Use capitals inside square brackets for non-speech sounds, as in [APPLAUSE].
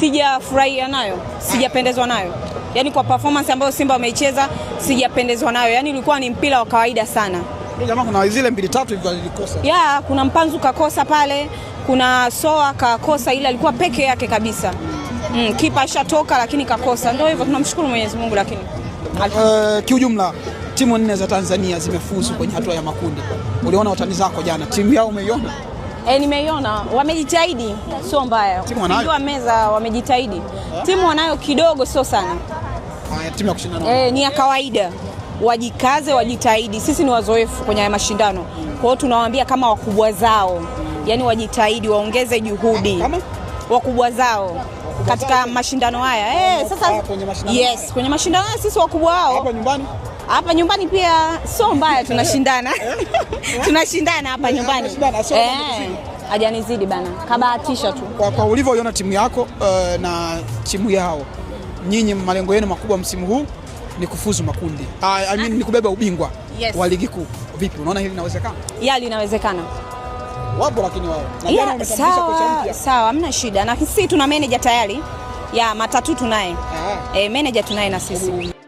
Sijafurahia nayo, sijapendezwa nayo, yani kwa performance ambayo Simba wameicheza sijapendezwa nayo, yani ulikuwa ni mpira wa kawaida sana. Jamaa, kuna zile mbili tatu hivyo alikosa. Yeah, kuna mpanzu kakosa pale, kuna soa kakosa, ile alikuwa peke yake kabisa. Mm, kipa ashatoka lakini kakosa, ndio hivyo. Tunamshukuru Mwenyezi Mungu, lakini uh, kiujumla timu nne za Tanzania zimefuzu kwenye hatua ya makundi. Uliona watani zako jana, timu yao umeiona? E, nimeiona wamejitahidi, sio mbaya. Wa meza wamejitahidi, eh? timu wanayo kidogo, sio sana e, ni ya kawaida. Wajikaze, wajitahidi. Sisi ni wazoefu kwenye haya mashindano, kwa hiyo tunawaambia kama wakubwa zao, yani wajitahidi, waongeze juhudi wakubwa zao katika mashindano haya e, sasa, kwenye mashindano yes, kwenye mashindano haya sisi wakubwa wao hapa nyumbani pia sio mbaya, tunashindana [LAUGHS] tunashindana hapa nyumbani eh, hajanizidi bana, kabahatisha tu. Kwa, kwa ulivyoiona timu yako uh, na timu yao, nyinyi malengo yenu makubwa msimu huu ni kufuzu makundi uh, I mean, ni kubeba ubingwa yes, wa ligi kuu. Vipi, unaona hili linawezekana? Ya, linawezekana wapo, lakini wao yeah, sawa sawa, hamna shida, na sisi tuna manager tayari ya matatu tunaye, e, manager tunaye na sisi